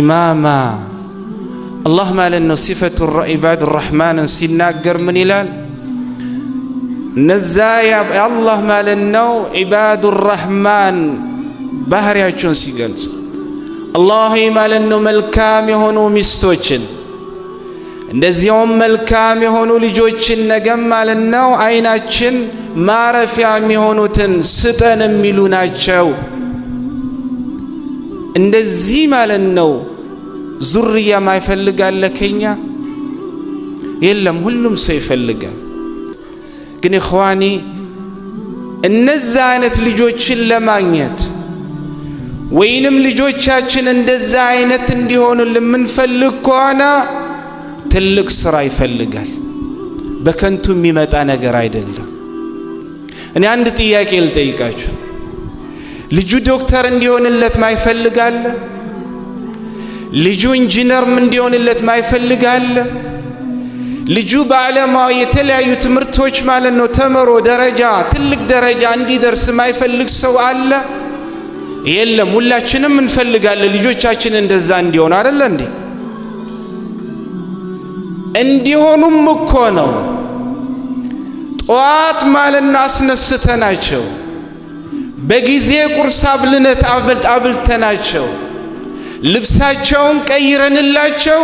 ኢማማ አላህ ማለት ነው። ሲፈቱ ኢባድ ረሕማንን ሲናገር ምን ይላል? እነዛ አላህ ማለት ነው ኢባዱ ረሕማን ባህሪያቸውን ሲገልጽ አላህ ማለት ነው መልካም የሆኑ ሚስቶችን እንደዚያውም መልካም የሆኑ ልጆችን ነገም ማለት ነው አይናችን ማረፊያ የሚሆኑትን ስጠን የሚሉ ናቸው። እንደዚህ ማለት ነው። ዙርያ ማይፈልጋለ ከኛ የለም። ሁሉም ሰው ይፈልጋል። ግን ኢኽዋኒ እነዛ አይነት ልጆችን ለማግኘት ወይንም ልጆቻችን እንደዛ አይነት እንዲሆኑ ልምንፈልግ ከሆነ ትልቅ ስራ ይፈልጋል። በከንቱ የሚመጣ ነገር አይደለም። እኔ አንድ ጥያቄ ልጠይቃችሁ። ልጁ ዶክተር እንዲሆንለት ማይፈልጋል። ልጁ ኢንጂነርም እንዲሆንለት ማይፈልጋል። ልጁ በዓለማዊ የተለያዩ ትምህርቶች ማለት ነው ተምሮ ደረጃ ትልቅ ደረጃ እንዲደርስ ማይፈልግ ሰው አለ የለም። ሁላችንም እንፈልጋለን ልጆቻችን እንደዛ እንዲሆኑ አደለ እንዴ? እንዲሆኑም እኮ ነው ጠዋት ማለትና አስነስተናቸው በጊዜ ቁርስ አብልነት አብልተናቸው ልብሳቸውን ቀይረንላቸው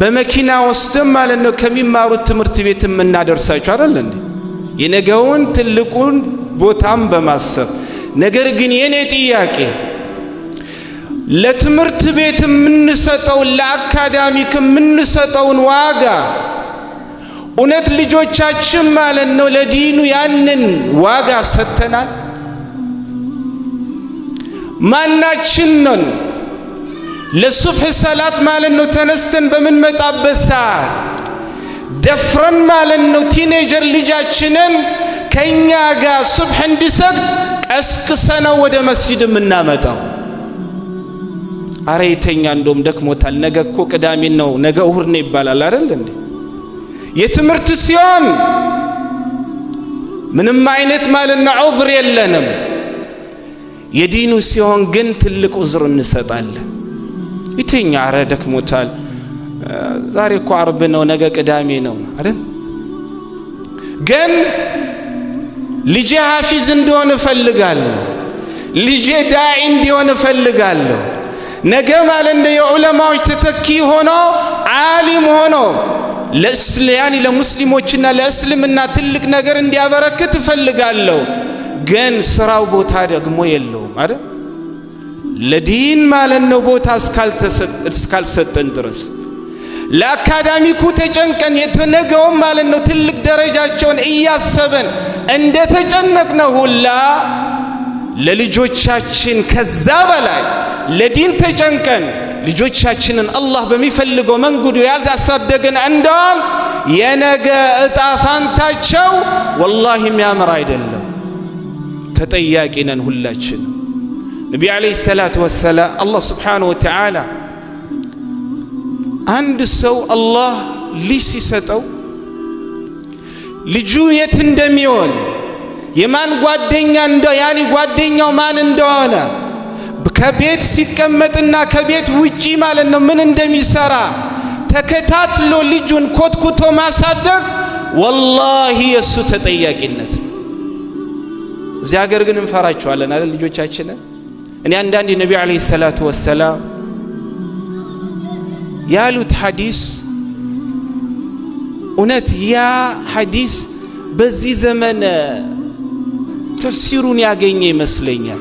በመኪና ወስደን ማለት ነው ከሚማሩት ትምህርት ቤት የምናደርሳቸው አይደል እንዴ? የነገውን ትልቁን ቦታም በማሰብ ነገር ግን የኔ ጥያቄ ለትምህርት ቤት የምንሰጠውን ለአካዳሚክ የምንሰጠውን ዋጋ እውነት ልጆቻችን ማለት ነው ለዲኑ ያንን ዋጋ ሰጥተናል? ማናችንን ለሱብሕ ሰላት ማለት ነው ተነስተን በምንመጣበት ሰዓት ደፍረን ማለት ነው ቲኔጀር ልጃችንን ከእኛ ጋር ሱብሕ እንዲሰግድ ቀስቅሰነው ወደ መስጂድ የምናመጣው። አረ የተኛ እንደውም ደክሞታል፣ ነገ እኮ ቅዳሜ ነው፣ ነገ እሁድ ነው ይባላል አይደል እንዴ? የትምህርት ሲሆን ምንም አይነት ማለት ነው ዑዝር የለንም። የዲኑ ሲሆን ግን ትልቅ ዑዝር እንሰጣለን። ይተኛ፣ አረ ደክሞታል፣ ዛሬ እኮ አርብ ነው፣ ነገ ቅዳሜ ነው አይደል? ግን ልጄ ሐፊዝ እንዲሆን እፈልጋለሁ፣ ልጄ ዳዒ እንዲሆን እፈልጋለሁ። ነገ ማለት እንደ የዑለማዎች ተተኪ ሆኖ ዓሊም ሆኖ ለእስልያኒ ለሙስሊሞችና ለእስልምና ትልቅ ነገር እንዲያበረክት እፈልጋለሁ። ግን ስራው ቦታ ደግሞ የለውም አይደል? ለዲን ማለት ነው ቦታ እስካልሰጠን ድረስ ለአካዳሚኩ ተጨንቀን የተነገውም ማለት ነው ትልቅ ደረጃቸውን እያሰበን እንደ ተጨነቅነው ሁላ ለልጆቻችን ከዛ በላይ ለዲን ተጨንቀን ልጆቻችንን አላህ በሚፈልገው መንገዱ ያላሳደግን እንደዋል የነገ እጣ ፋንታቸው ወላሂ የሚያምር አይደለም። ተጠያቂ ነን ሁላችን። ነቢ ዓለይሂ ሰላት ወሰላም አላህ ስብሓነሁ ወተዓላ አንድ ሰው አላህ ልጅ ሲሰጠው ልጁ የት እንደሚሆን የማን ጓደኛ እንደ ያኔ ጓደኛው ማን እንደሆነ ከቤት ሲቀመጥና ከቤት ውጪ ማለት ነው ምን እንደሚሰራ ተከታትሎ ልጁን ኮትኩቶ ማሳደግ ወላሂ የእሱ ተጠያቂነት እዚያገር ሀገር ግን እንፈራቸዋለን አይደል? ልጆቻችንን እኔ አንዳንድ ነቢ ዓለይሂ ሰላቱ ወሰላም ያሉት ሐዲስ እውነት ያ ሐዲስ በዚህ ዘመን ተፍሲሩን ያገኘ ይመስለኛል።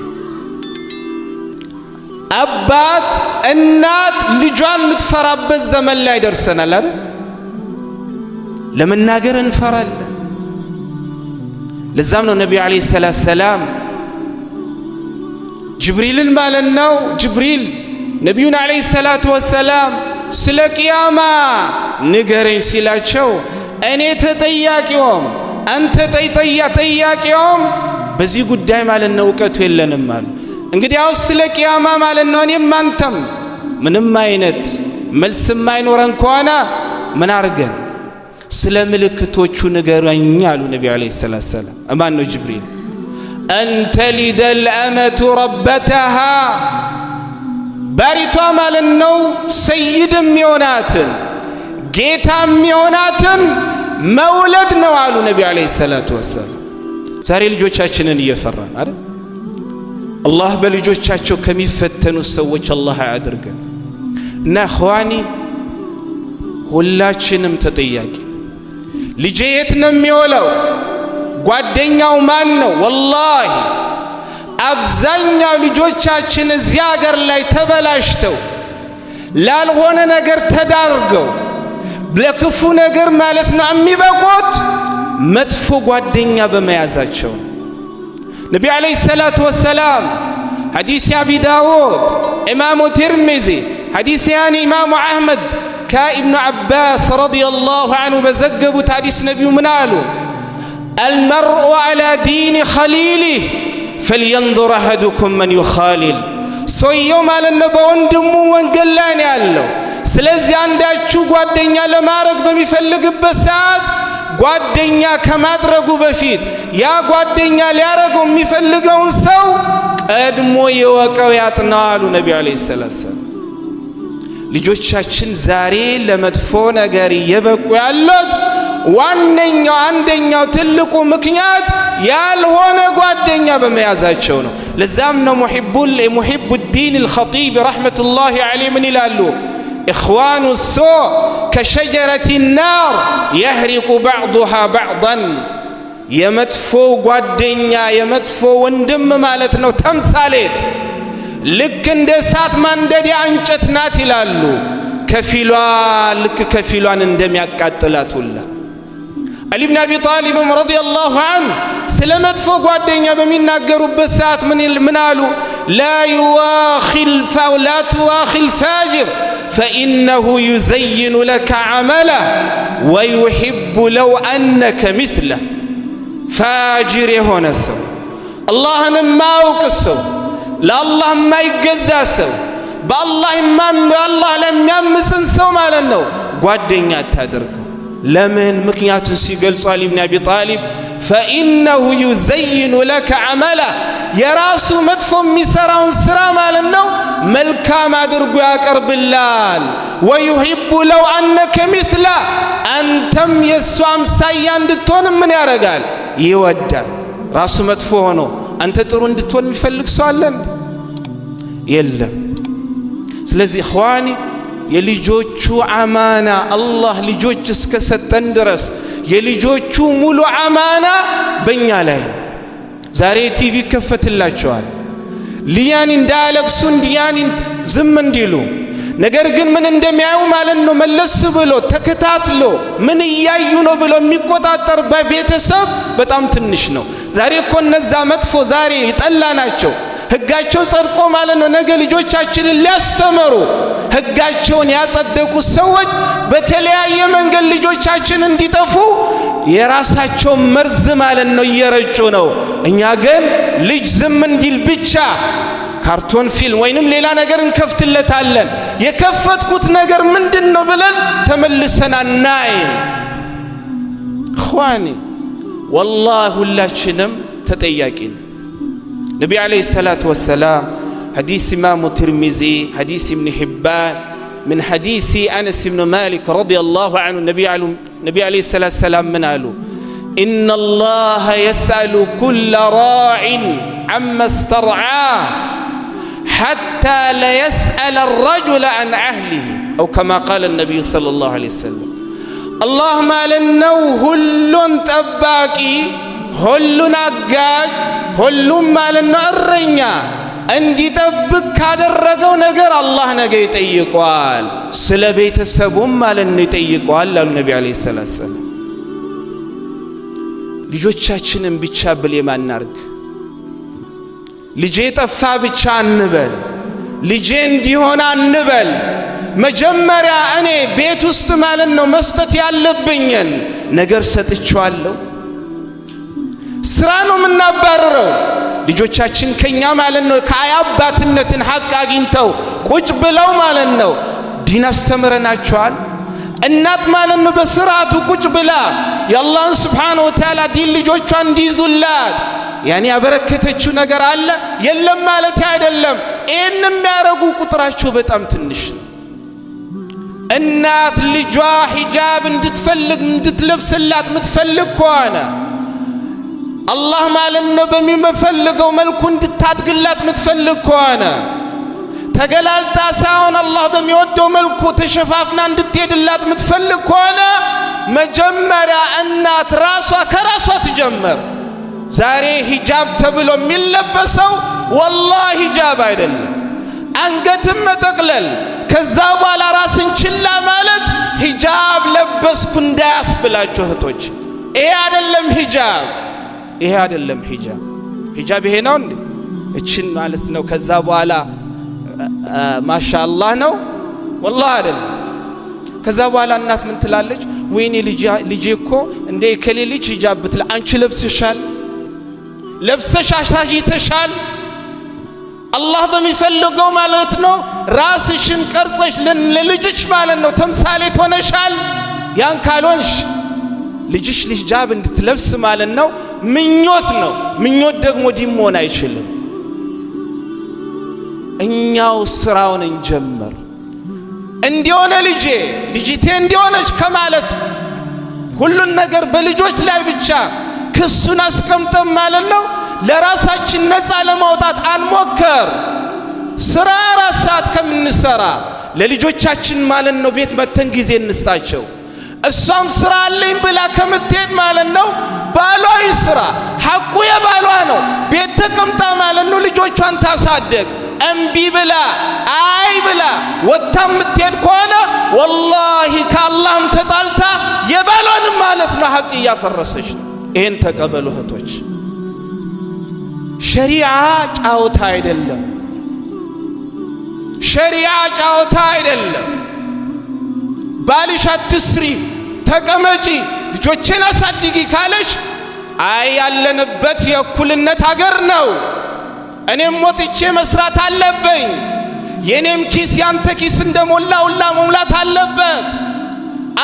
አባት እናት ልጇን የምትፈራበት ዘመን ላይ ደርሰናል አይደል? ለመናገር እንፈራለን። ለዛም ነው ነቢዩ ዓለይሂ ሰላት ሰላም ጅብሪልን ማለት ነው። ጅብሪል ነቢዩን ዓለይሂ ሰላቱ ወሰላም ስለ ቅያማ ንገረኝ ሲላቸው እኔ ተጠያቂውም አንተ ጠይጠያ ጠያቂውም በዚህ ጉዳይ ማለት ነው እውቀቱ የለንም አሉ። እንግዲያውስ ስለ ቅያማ ማለት ነው እኔም አንተም ምንም አይነት መልስ የማይኖረን ከሆነ ምን አርገን ስለ ምልክቶቹ ንገረኝ አሉ ነቢ ዓለይሂ ሰላቱ ሰላም። እማን ነው ጅብሪል? አንተሊደል አመቱ ረበተሃ ባሪቷ ማለት ነው ሰይድም የሆናትን ጌታም የሆናትን መውለድ ነው አሉ ነቢ ዓለይሂ ሰላቱ ወሰላም። ዛሬ ልጆቻችንን እየፈራን አ አላህ በልጆቻቸው ከሚፈተኑ ሰዎች አላህ አያድርገን እና ኸዋኒ ሁላችንም ተጠያቂ ልጄ የት ነው የሚውለው? ጓደኛው ማን ነው? ወላሂ አብዛኛው ልጆቻችን እዚህ አገር ላይ ተበላሽተው ላልሆነ ነገር ተዳርገው ለክፉ ነገር ማለት ነው የሚበቁት መጥፎ ጓደኛ በመያዛቸው ነው። ነቢ ዓለይሂ ሰላቱ ወሰላም ሐዲስ አቢ ዳውድ፣ ኢማሙ ትርሚዚ፣ ሐዲስ ያኒ ኢማሙ አሕመድ ከኢብኑ ዓባስ ረዲየላሁ አንሁ በዘገቡት ሐዲስ ነቢዩ ምን አሉ? አልመርኡ ዓላ ዲኒ ኸሊሊህ ፈልየንظር አሐዱኩም መን ዩኻሊል። ሰውየው ማለት ነው በወንድሙ ወንጌል ላይ ነው ያለው። ስለዚህ አንዳችሁ ጓደኛ ለማድረግ በሚፈልግበት ሰዓት ጓደኛ ከማድረጉ በፊት ያ ጓደኛ ሊያደረገው የሚፈልገውን ሰው ቀድሞ የወቀው ያጥናዋሉ ነቢዩ ዓለይሂ ሰላም ልጆቻችን ዛሬ ለመጥፎ ነገር እየበቁ ያሉት ዋነኛው አንደኛው ትልቁ ምክንያት ያልሆነ ጓደኛ በመያዛቸው ነው። ለዛም ነው ሙሒቡ ዲን አልኸጢብ ረሕመቱላሂ ዐለይህ ምን ይላሉ? ኢኽዋኑ ሶ ከሸጀረት ናር የህሪቁ ባዕዱሃ ባዕዳን የመጥፎ ጓደኛ የመጥፎ ወንድም ማለት ነው ተምሳሌት ልክ እንደ እሳት ማንደዲያ እንጨት ናት ይላሉ። ከፊሏ ልክ ከፊሏን እንደሚያቃጥላት ሁላ አሊ ብን አቢ ጣሊብም ረዲየላሁ አንሁ ስለ መጥፎ ጓደኛ በሚናገሩበት ሰዓት ምን አሉ? ላ ቱዋኺል ፋጅር ፈኢነሁ ዩዘይኑ ለከ ዐመላ ወዩሕቡ ለው አነከ ሚትለ ፋጅር የሆነ ሰው አላህን ማያውቅ ሰው ለአላህ የማይገዛ ሰው በአላህ አላህ ለሚያምፅን ሰው ማለት ነው ጓደኛ አታደርገው። ለምን? ምክንያቱን ሲገልጹ አሊ ብን አቢ ጣሊብ ፈኢነሁ ዩዘይኑ ለከ ዐመላ የራሱ መጥፎ የሚሠራውን ሥራ ማለት ነው መልካም አድርጎ ያቀርብላል። ወዩሂቡ ለው አነከ ሚስላ አንተም የእሱ አምሳያ እንድትሆን ምን ያደርጋል? ይወዳል። ራሱ መጥፎ ሆኖ አንተ ጥሩ እንድትሆን የሚፈልግ ሰው አለን የለም። ስለዚህ ኸዋኒ የልጆቹ አማና አላህ ልጆች እስከ ሰጠን ድረስ የልጆቹ ሙሉ አማና በእኛ ላይ ነው። ዛሬ ቲቪ ይከፈትላቸዋል፣ ልያን እንዳያለቅሱ፣ እንዲያን ዝም እንዲሉ ነገር ግን ምን እንደሚያዩ ማለት ነው መለስ ብሎ ተከታትሎ ምን እያዩ ነው ብሎ የሚቆጣጠር በቤተሰብ በጣም ትንሽ ነው። ዛሬ እኮ እነዛ መጥፎ ዛሬ ጠላ ናቸው። ህጋቸው ጸድቆ ማለት ነው ነገ ልጆቻችንን ሊያስተምሩ ህጋቸውን ያጸደቁ ሰዎች በተለያየ መንገድ ልጆቻችን እንዲጠፉ የራሳቸው መርዝ ማለት ነው እየረጩ ነው። እኛ ግን ልጅ ዝም እንዲል ብቻ كارتون فيلم وينم ليلا نجر انكفت اللتالن يكفت كوت نجر من دن بلن تملسنا النايم اخواني والله لا شنم تتياكين نبي عليه الصلاة والسلام حديث امام ترمزي حديث ابن حبان من حديث أنس بن مالك رضي الله عنه النبي عليه النبي عليه الصلاة والسلام من قالوا إن الله يسأل كل راع عما استرعاه حتى ليسأل الرجل عن أهله أو كما قال النبي صلى الله عليه وسلم አላህ ማለት ነው ሁሉን ጠባቂ፣ ሁሉን አጋጅ፣ ሁሉም ማለት ነው እረኛ እንዲጠብቅ ካደረገው ነገር አላህ ነገ ይጠይቋል። ስለ ቤተሰቡም ማለት ነው ይጠይቋል አሉ ነቢ ዓለይሂ ሰላም። ልጆቻችንን ብቻ ብሌም አናርግ። ልጄ ጠፋ ብቻ አንበል፣ ልጄ እንዲሆን አንበል። መጀመሪያ እኔ ቤት ውስጥ ማለት ነው መስጠት ያለብኝን ነገር ሰጥቼዋለሁ። ስራ ነው የምናባረረው። ልጆቻችን ከኛ ማለት ነው ከአያባትነትን ሀቅ አግኝተው ቁጭ ብለው ማለት ነው ዲን አስተምረናቸዋል። እናት ማለት ነው በስርዓቱ ቁጭ ብላ የአላህን ስብሓነ ወተዓላ ዲን ልጆቿ እንዲይዙላት ያን ያበረከተችው ነገር አለ የለም ማለት አይደለም። ይህን የሚያደርጉ ቁጥራቸው በጣም ትንሽ ነው። እናት ልጇ ሂጃብ እንድትፈልግ እንድትለብስላት ምትፈልግ ከሆነ አላህ ማለት ነው በሚመፈልገው መልኩ እንድታድግላት ምትፈልግ ከሆነ ተገላልጣ ሳይሆን አላህ በሚወደው መልኩ ተሸፋፍና እንድትሄድላት ምትፈልግ ከሆነ መጀመሪያ እናት ራሷ ከራሷ ትጀመር። ዛሬ ሂጃብ ተብሎ የሚለበሰው ወላ ሂጃብ አይደለም። አንገትን መጠቅለል ከዛ በኋላ ራስን ችላ ማለት ሂጃብ ለበስኩ እንዳያስብላችሁ እህቶች፣ ይሄ አይደለም ሂጃብ፣ ይሄ አይደለም ሂጃብ። ሂጃብ ይሄ ነው እንዴ? እችን ማለት ነው። ከዛ በኋላ ማሻአላህ ነው ወላሂ አይደለም። ከዛ በኋላ እናት ምን ትላለች? ወይኔ ልጄ እኮ እንደ ከሌ ልጅ ሂጃብ ብትል አንቺ ለብስሻል ለብሰሽ አሳይተሻል። አላህ በሚፈልገው ማለት ነው ራስሽን ቀርጸሽ ለልጅሽ ማለት ነው ተምሳሌ ትሆነሻል ያን ካልሆንሽ ልጅሽ ሂጃብ እንድትለብስ ማለት ነው ምኞት ነው። ምኞት ደግሞ ዲን መሆን አይችልም። እኛው ስራውን እንጀምር። እንዲሆነ ልጄ ልጅቴ እንዲሆነች ከማለት ሁሉን ነገር በልጆች ላይ ብቻ ክሱን አስቀምጠን ማለት ነው ለራሳችን ነፃ ለማውጣት አንሞከር። ስራ አራት ሰዓት ከምንሰራ ለልጆቻችን ማለት ነው ቤት መተን ጊዜ እንስታቸው። እሷም ስራ አለኝ ብላ ከምትሄድ ማለት ነው ባሏ ስራ ሐቁ የባሏ ነው። ቤት ተቀምጣ ማለት ነው ልጆቿን ታሳደግ። እምቢ ብላ አይ ብላ ወጥታ የምትሄድ ከሆነ ወላሂ ከአላህም ተጣልታ የባሏንም ማለት ነው ሐቅ እያፈረሰች ነው። ይህን ተቀበሉ እህቶች። ሸሪዓ ጫወታ አይደለም። ሸሪዓ ጫወታ አይደለም። ባልሽ አትስሪ፣ ተቀመጪ፣ ልጆችን አሳድጊ ካለሽ አይ ያለንበት የእኩልነት አገር ነው፣ እኔም ሞትቼ መስራት አለብኝ፣ የእኔም ኪስ ያንተ ኪስ እንደሞላ ሁላ መሙላት አለበት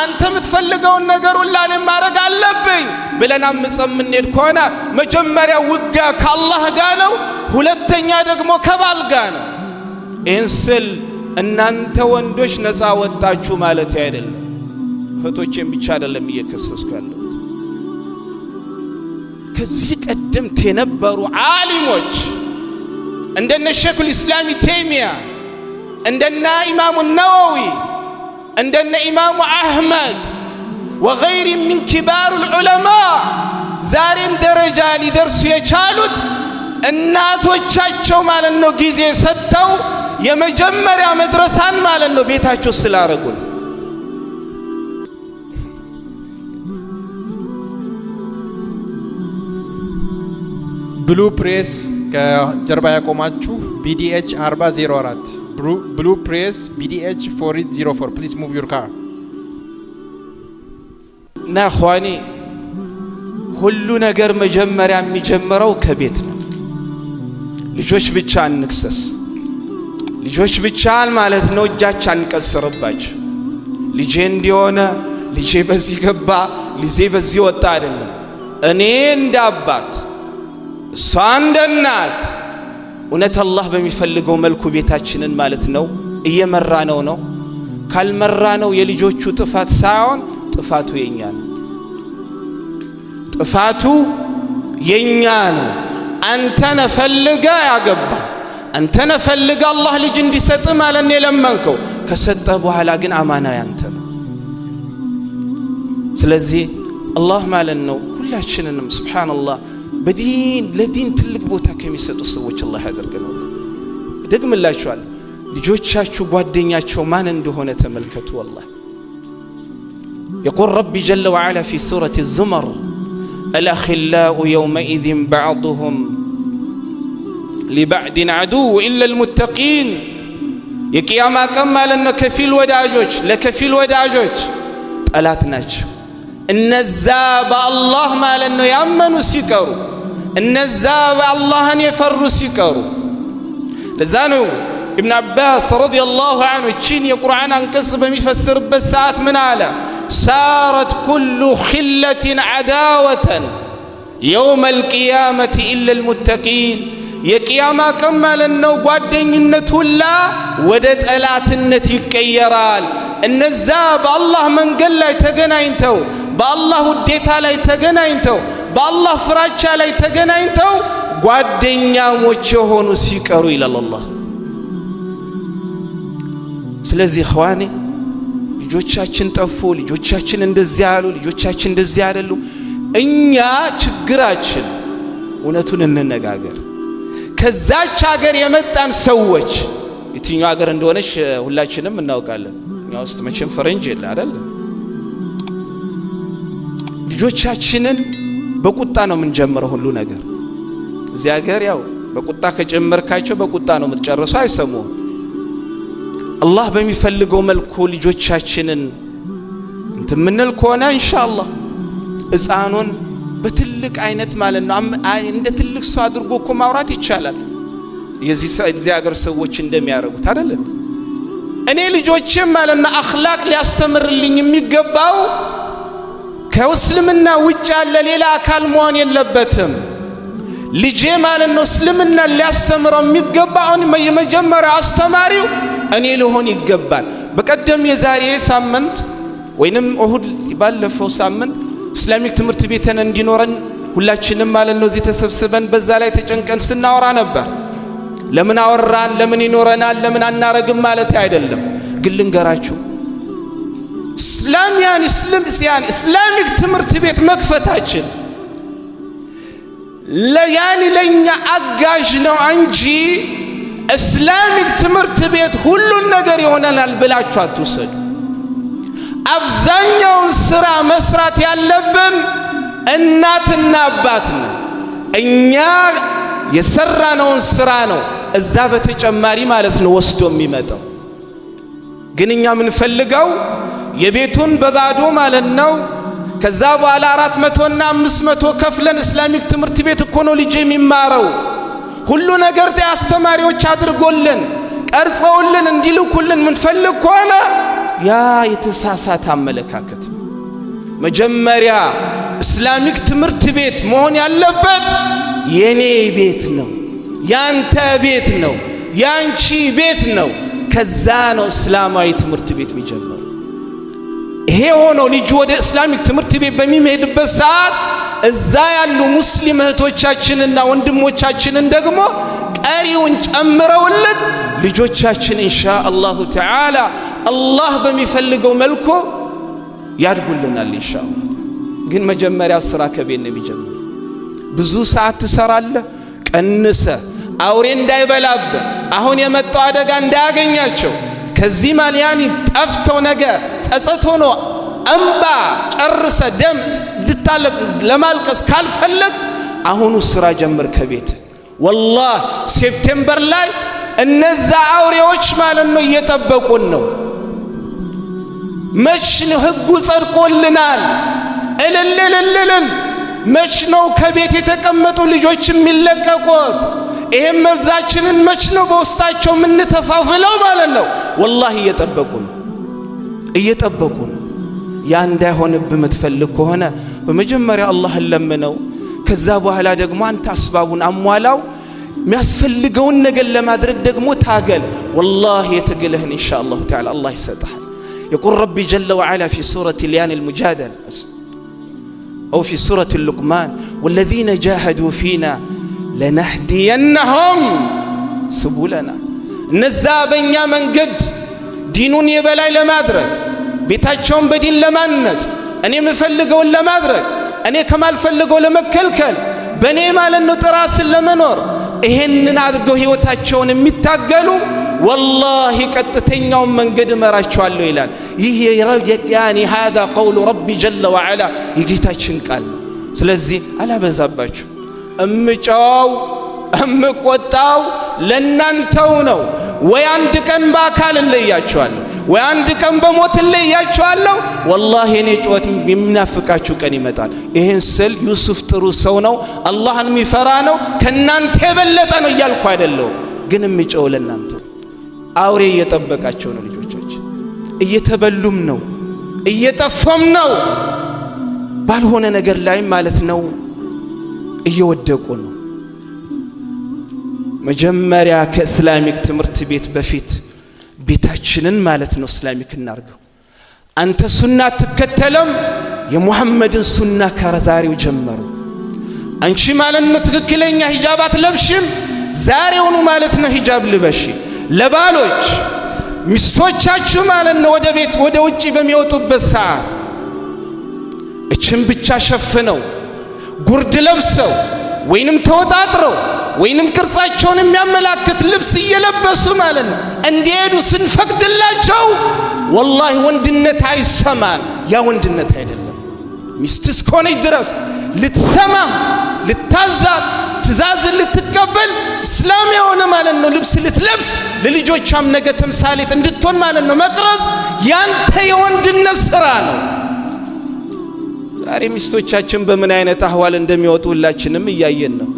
አንተ የምትፈልገውን ነገር ሁላ እኔም ማድረግ አለብኝ ብለን አምፀን የምንሄድ ከሆነ መጀመሪያ ውጊያ ከአላህ ጋር ነው፣ ሁለተኛ ደግሞ ከባል ጋር ነው። ይህን ስል እናንተ ወንዶች ነፃ ወጣችሁ ማለት አይደለም። እህቶቼን ብቻ አይደለም እየከሰስኩ ያለሁት። ከዚህ ቀደምት የነበሩ ዓሊሞች እንደነ ሸኩል ኢስላሚ ቴሚያ እንደና ኢማሙ ነወዊ እንደነ ኢማሙ አህመድ ወገይሪ ሚን ኪባር ልዑለማ ዛሬም ደረጃ ሊደርሱ የቻሉት እናቶቻቸው ማለት ነው ጊዜ ሰጥተው የመጀመሪያ መድረሳን ማለት ነው ቤታቸው ስላረጉን ብሉ ፕሬስ ከጀርባ ያቆማችሁ ቢዲኤች 4004 Blue Press BDH4804. Please move your car. እና ኸዋኔ ሁሉ ነገር መጀመሪያ የሚጀምረው ከቤት ነው። ልጆች ብቻ አንክሰስ። ልጆች ብቻ ማለት ነው እጃች አንቀስርባቸው። ልጄ እንዲሆነ ልጄ በዚህ ገባ ልጄ በዚህ ወጣ አይደለም። እኔ እንደ አባት እሷ እንደ እናት እውነት አላህ በሚፈልገው መልኩ ቤታችንን ማለት ነው እየመራ ነው ነው ካልመራ ነው የልጆቹ ጥፋት ሳይሆን ጥፋቱ የኛ ነው። ጥፋቱ የኛ ነው። አንተነ ፈልገ ያገባ አንተነ ፈልገ አላህ ልጅ እንዲሰጥ ማለት ነው የለመንከው። ከሰጠ በኋላ ግን አማናዊ ያንተ ነው። ስለዚህ አላህ ማለት ነው ሁላችንንም ስብሓነላህ بدين لدين تلك بوتا كميسة ستو سووش الله حدر قنوك دقم الله شوال لجوش شاشو بوادين ياشو ما نندهون تملكت والله يقول ربي جل وعلا في سورة الزمر الأخلاء يومئذ بعضهم لبعد عدو إلا المتقين يكي أما كمال أنك في الوداجوج لك في الوداجوج ألا تناجو الزاب الله ما لأنه يأمن سكره እነዛ አላህን የፈሩ ሲቀሩ ለዛ ነው ኢብን አባስ ረዲየላሁ አንሁ እቺን የቁርአን አንቀጽ በሚፈስርበት ሰዓት ምን አለ? ሳረት ኩሉ ኪለትን ዓዳወተን የውመ አልቅያመቲ ኢላ ልሙተቂን። የቅያማ ቀን ማለት ነው ጓደኝነት ሁላ ወደ ጠላትነት ይቀየራል። እነዛ በአላህ መንገድ ላይ ተገናኝተው በአላህ ውዴታ ላይ ተገናኝተው በአላህ ፍራቻ ላይ ተገናኝተው ጓደኛሞች የሆኑ ሲቀሩ ይላል አላህ። ስለዚህ ኸዋኔ ልጆቻችን ጠፉ፣ ልጆቻችን እንደዚያ አሉ፣ ልጆቻችን እንደዚያ አይደሉ። እኛ ችግራችን እውነቱን እንነጋገር። ከዛች ሀገር የመጣን ሰዎች የትኛው ሀገር እንደሆነች ሁላችንም እናውቃለን። እኛ ውስጥ መቼም ፈረንጅ የለ አይደል? ልጆቻችንን በቁጣ ነው የምንጀምረው ሁሉ ነገር እዚያ ሀገር ያው በቁጣ ከጀመርካቸው በቁጣ ነው የምትጨርሰው። አይሰሙም። አላህ በሚፈልገው መልኩ ልጆቻችንን እንትን ምንል ከሆነ ኢንሻአላህ ህፃኑን በትልቅ አይነት ማለት ነው እንደ ትልቅ ሰው አድርጎ እኮ ማውራት ይቻላል። የዚህ ሀገር ሰዎች እንደሚያደርጉት አይደለም። እኔ ልጆችም ማለት ነው አኽላቅ ሊያስተምርልኝ የሚገባው ከእስልምና ውጭ ያለ ሌላ አካል መሆን የለበትም። ልጄ ማለት ነው እስልምና ሊያስተምረው የሚገባ አሁን የመጀመሪያው አስተማሪው እኔ ልሆን ይገባል። በቀደም የዛሬ ሳምንት ወይንም እሁድ ባለፈው ሳምንት እስላሚክ ትምህርት ቤትን እንዲኖረን ሁላችንም ማለት ነው እዚህ ተሰብስበን በዛ ላይ ተጨንቀን ስናወራ ነበር። ለምን አወራን፣ ለምን ይኖረናል፣ ለምን አናረግም ማለት አይደለም። ግን ልንገራችሁ እስላሚያን እስላሚክ ትምህርት ቤት መክፈታችን ለያኒ ለኛ አጋዥ ነው እንጂ እስላሚክ ትምህርት ቤት ሁሉን ነገር ይሆነናል ብላችሁ አትውሰዱ። አብዛኛውን ስራ መስራት ያለብን እናትና አባት ነው። እኛ የሰራነውን ስራ ነው እዛ በተጨማሪ ማለት ነው ወስዶ የሚመጣው ግን እኛ የምንፈልገው የቤቱን በባዶ ማለት ነው። ከዛ በኋላ አራት መቶና አምስት መቶ ከፍለን እስላሚክ ትምህርት ቤት እኮ ነው ልጅ የሚማረው። ሁሉ ነገር አስተማሪዎች አድርጎልን ቀርጸውልን እንዲልኩልን ምንፈልግ ከሆነ ያ የተሳሳተ አመለካከት መጀመሪያ እስላሚክ ትምህርት ቤት መሆን ያለበት የኔ ቤት ነው፣ ያንተ ቤት ነው፣ ያንቺ ቤት ነው። ከዛ ነው እስላማዊ ትምህርት ቤት የሚጀምረው። ይሄ ሆኖ ልጁ ወደ እስላሚክ ትምህርት ቤት በሚሄድበት ሰዓት እዛ ያሉ ሙስሊም እህቶቻችንና ወንድሞቻችንን ደግሞ ቀሪውን ጨምረውልን ልጆቻችን ኢንሻ አላሁ ተዓላ አላህ በሚፈልገው መልኩ ያድጉልናል። ኢንሻ ግን መጀመሪያ ስራ ከቤት ነው የሚጀምር። ብዙ ሰዓት ትሰራለ ቀንሰ አውሬ እንዳይበላብህ፣ አሁን የመጣው አደጋ እንዳያገኛቸው ከዚህ ማልያኒ ጠፍተው ነገ ጸጸት ሆኖ እምባ ጨርሰ ደም እንድታለቅ ለማልቀስ ካልፈለግ አሁኑ ስራ ጀምር ከቤት። ወላህ ሴፕቴምበር ላይ እነዛ አውሬዎች ማለት ነው እየጠበቁን ነው። መች ህጉ ጸድቆልናል? እልልልልልን መች ነው ከቤት የተቀመጡ ልጆች የሚለቀቁት? ይሄን መብዛችንን መች ነው በውስጣቸው የምንተፋፍለው ማለት ነው። ወላህ እየጠበቁ ነው እየጠበቁ ነው። ያ እንዳይሆንብህ የምትፈልግ ከሆነ በመጀመሪያ አላህን ለምነው። ከዛ በኋላ ደግሞ አንተ አስባቡን አሟላው። የሚያስፈልገውን ነገር ለማድረግ ደግሞ ታገል። ወላህ የትግልህን ኢንሻ አላሁ ተዓላ አላህ ይሰጥሃል። يقول ربي جل وعلا في سورة اليان المجادل أو في سورة اللقمان والذين جاهدوا فينا ለነህዲየነሆም ስቡለና እነዛ በእኛ መንገድ ዲኑን የበላይ ለማድረግ ቤታቸውን በዲን ለማነጽ እኔ የምፈልገውን ለማድረግ እኔ ከማልፈልገው ለመከልከል በእኔ ማለት ነው ጥራስን ለመኖር ይሄንን አድርገው ሕይወታቸውን የሚታገሉ ወላሂ ቀጥተኛውን መንገድ እመራቸዋለሁ ይላል። ይህ ያኒ ሃዛ ቀውሉ ረቢ ጀለ ወዐላ የጌታችን ቃል ነው። ስለዚህ አላበዛባችሁ። እምጨዋው እምቆጣው ለእናንተው ነው። ወይ አንድ ቀን በአካል እለያችኋለሁ፣ ወይ አንድ ቀን በሞት እለያችኋለሁ። ወላሂ እኔ ጩኸት የሚናፍቃችሁ ቀን ይመጣል። ይህን ስል ዩሱፍ ጥሩ ሰው ነው፣ አላህን የሚፈራ ነው፣ ከእናንተ የበለጠ ነው እያልኩ አይደለሁም። ግን እምጨው ለእናንተ አውሬ እየጠበቃቸው ነው። ልጆቻችን እየተበሉም ነው፣ እየጠፎም ነው፣ ባልሆነ ነገር ላይ ማለት ነው። እየወደቁ ነው። መጀመሪያ ከእስላሚክ ትምህርት ቤት በፊት ቤታችንን ማለት ነው እስላሚክ እናርገው። አንተ ሱና አትከተለም፣ የሙሐመድን ሱና ከዛሬው ጀመሩ። አንቺ ማለት ነው ትክክለኛ ሂጃብ አትለብሽም፣ ዛሬውኑ ማለት ነው ሂጃብ ልበሺ። ለባሎች ሚስቶቻችሁ ማለት ነው ወደ ቤት ወደ ውጪ በሚወጡበት ሰዓት እችን ብቻ ሸፍነው ጉርድ ለብሰው ወይንም ተወጣጥረው ወይንም ቅርጻቸውን የሚያመላክት ልብስ እየለበሱ ማለት ነው እንዲሄዱ ስንፈቅድላቸው ወላሂ ወንድነት አይሰማን። ያ ወንድነት አይደለም። ሚስት እስከሆነች ድረስ ልትሰማ ልታዛ ትእዛዝን ልትቀበል እስላም የሆነ ማለት ነው ልብስ ልትለብስ ለልጆቿም ነገ ተምሳሌት እንድትሆን ማለት ነው መቅረጽ ያንተ የወንድነት ሥራ ነው። ዛሬ ሚስቶቻችን በምን አይነት አህዋል እንደሚወጡ ሁላችንም እያየን ነው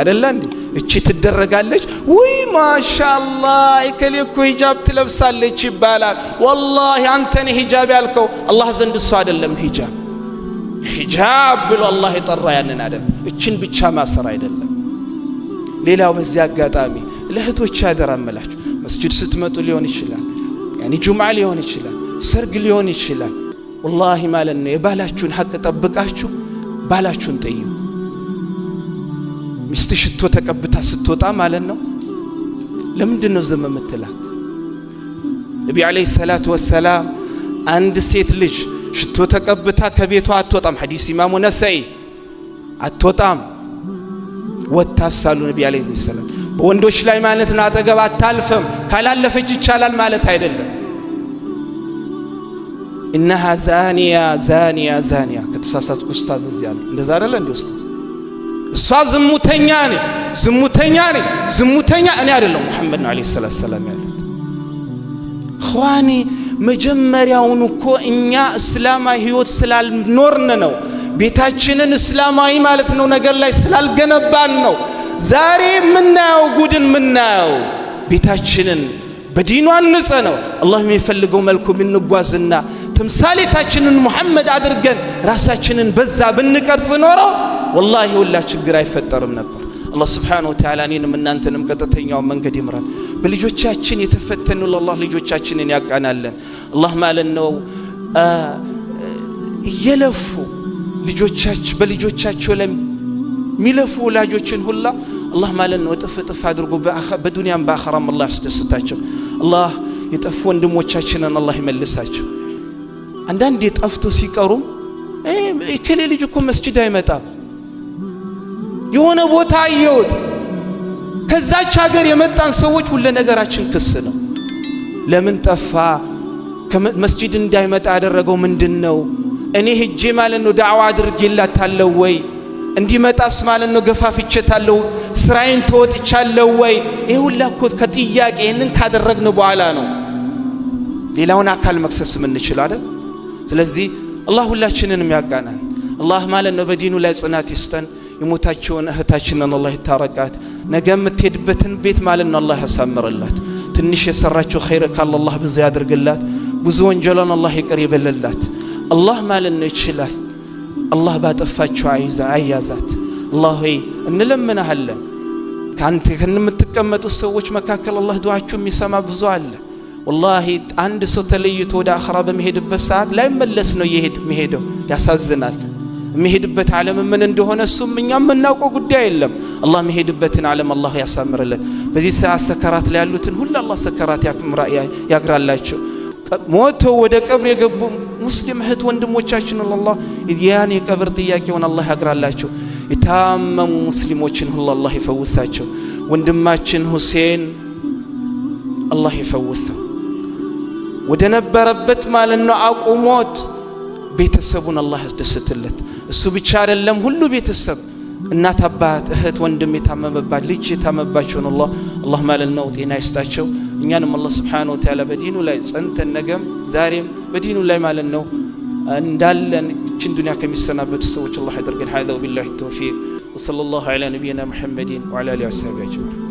አደላ እንዴ? እቺ ትደረጋለች፣ ውይ ማሻላ የከሌ እኮ ሂጃብ ትለብሳለች ይባላል። ወላሂ አንተን ሂጃብ ያልከው አላህ ዘንድ እሱ አይደለም ሂጃብ ሂጃብ ብሎ አላህ የጠራ ያንን አይደለም። እችን ብቻ ማሰር አይደለም። ሌላው በዚህ አጋጣሚ ለእህቶች ያደራ መላችሁ መስጅድ ስትመጡ ሊሆን ይችላል፣ ያኒ ጁምዓ ሊሆን ይችላል፣ ሰርግ ሊሆን ይችላል ወላሂ ማለት ነው የባላችሁን ሐቅ ጠብቃችሁ ባላችሁን ጠይቁ። ሚስት ሽቶ ተቀብታ ስትወጣ ማለት ነው ለምንድን ነው ዝም የምትላት? ነቢ ዓለይሂ ሰላቱ ወሰላም አንድ ሴት ልጅ ሽቶ ተቀብታ ከቤቷ አትወጣም፣ ሐዲስ ኢማሙ ነሳኢ አትወጣም። ወጥታ ነቢ ዓለይሂ ሰላም በወንዶች ላይ ማለት ነው አጠገብ አታልፈም። ካላለፈች ይቻላል ማለት አይደለም እነሃ ዛኒያ ዛኒያ ዛኒያ ከተሳሳትኩ ኡስታዝ ያለ እንደዛ አይደለ እንዴ ኡስታዝ እሷ ዝሙተኛ ነኝ ዝሙተኛ ነኝ ዝሙተኛ እኔ አይደለም ሙሐመድ ነው አለይሂ ሰላቱ ሰላም ያሉት ኸዋኒ መጀመሪያውን እኮ እኛ እስላማዊ ህይወት ስላልኖርን ነው ቤታችንን እስላማዊ ማለት ነው ነገር ላይ ስላልገነባን ነው ዛሬ የምናየው ጉድን የምናየው ቤታችንን በዲኗ አንጸ ነው አላህ የሚፈልገው መልኩ የምንጓዝና ተምሳሌታችንን ሙሐመድ አድርገን ራሳችንን በዛ ብንቀርጽ ኖሮ ወላሂ ሁላ ችግር አይፈጠርም ነበር። አላህ ስብሓነሁ ወተዓላ እኔንም እናንተንም ቀጥተኛውን መንገድ ይምራል። በልጆቻችን የተፈተኑ ለአላህ ልጆቻችንን ያቃናለን። አላህ ማለት ነው እየለፉ በልጆቻቸው ላይ የሚለፉ ወላጆችን ሁላ አላህ ማለት ነው እጥፍ እጥፍ አድርጎ በዱንያም በአኸራም አላህ ያስደስታቸው። አላህ የጠፉ ወንድሞቻችንን አላህ ይመልሳቸው። አንዳንዴ ጠፍቶ ሲቀሩም ከሌ ልጅ እኮ መስጂድ አይመጣም የሆነ ቦታ አየሁት። ከዛች ሀገር የመጣን ሰዎች ሁለ ነገራችን ክስ ነው። ለምን ጠፋ? ከመስጂድ እንዳይመጣ ያደረገው ምንድን ነው? እኔ ሄጄ ማለት ነው ዳዕዋ አድርጌላታለሁ ወይ? እንዲመጣስ ማለት ነው ገፋፍቼታለሁ? ስራዬን ተወጥቻለሁ ወይ? ይህ ሁላ እኮ ከጥያቄ ይህንን ካደረግን በኋላ ነው ሌላውን አካል መክሰስ የምንችለው አይደል? ስለዚህ አላህ ሁላችንንም ያቃናን። አላህ ማለት ነው በዲኑ ላይ ጽናት ይስጠን። የሞታቸውን እህታችንን አላህ ይታረቃት። ነገ የምትሄድበትን ቤት ማለት ነው አላህ ያሳምርላት። ትንሽ የሰራችው ኸይር ካለ አላህ ብዙ ያድርግላት። ብዙ ወንጀሏን አላህ ይቅር ይበልላት። አላህ ማለት ነው ይችላል። አላህ ባጠፋቸው አይዛ አያዛት። አላህ ሆይ እንለምንሃለን። ከአንተ ከምትቀመጡ ሰዎች መካከል አላህ ዱዓችሁ የሚሰማ ብዙ አለ። ወላሂ አንድ ሰው ተለይቶ ወደ አኸራ በሚሄድበት ሰዓት ላይመለስ ነው ይሄድ የሚሄደው። ያሳዝናል። የሚሄድበት ዓለም ምን እንደሆነ እሱም እኛም የምናውቀው ጉዳይ የለም። አላህ የሚሄድበትን ዓለም አላህ ያሳምርለት። በዚህ ሰዓት ሰከራት ላይ ያሉትን ሁሉ አላህ ሰከራት ያግራላቸው። ሞቶ ወደ ቀብር የገቡ ሙስሊም እህት ወንድሞቻችን አላህ ያን የቀብር ጥያቄውን አላህ ያግራላቸው። የታመሙ ሙስሊሞችን ሁሉ አላህ ይፈውሳቸው። ወንድማችን ሁሴን አላህ ይፈውሰው። ወደ ነበረበት ማለት ነው አቁሞት ቤተሰቡን አላህ ያስደስትለት። እሱ ብቻ አይደለም ሁሉ ቤተሰብ እናት፣ አባት፣ እህት፣ ወንድም የታመመባት ልጅ የታመባቸውን አላህ አላህ ማለት ነው ጤና ይስጣቸው። እኛንም አላህ ስብሓነሁ ወተዓላ በዲኑ ላይ ጸንተን ነገም ዛሬም በዲኑ ላይ ማለት ነው እንዳለን እችን ዱንያ ከሚሰናበቱ ሰዎች አላህ ያደርገን። ሀዛ ወቢላሂ ተውፊቅ ወሰለላሁ ዐላ ነቢይና ሙሐመድን ወዐላ አሊሂ ወሰሐቢሂ አጅማዒን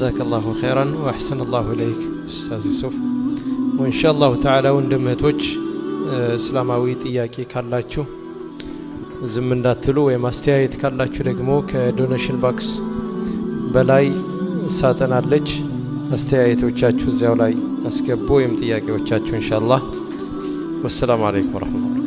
ጀዛክ ላሁ ኸይራን ወአሕሰን ላሁ ኢለይክ ኡስታዝ ዩሱፍ ወኢንሻ አላሁ ተዓላ ወንድም እህቶች እስላማዊ ጥያቄ ካላችሁ ዝም እንዳትሉ፣ ወይም አስተያየት ካላችሁ ደግሞ ከዶኔሽን ባክስ በላይ ሳጥናለች። አስተያየቶቻችሁ እዚያው ላይ አስገቡ፣ ወይም ጥያቄዎቻችሁ። ኢንሻ ወሰላሙ አለይኩም ወረሕመቱላህ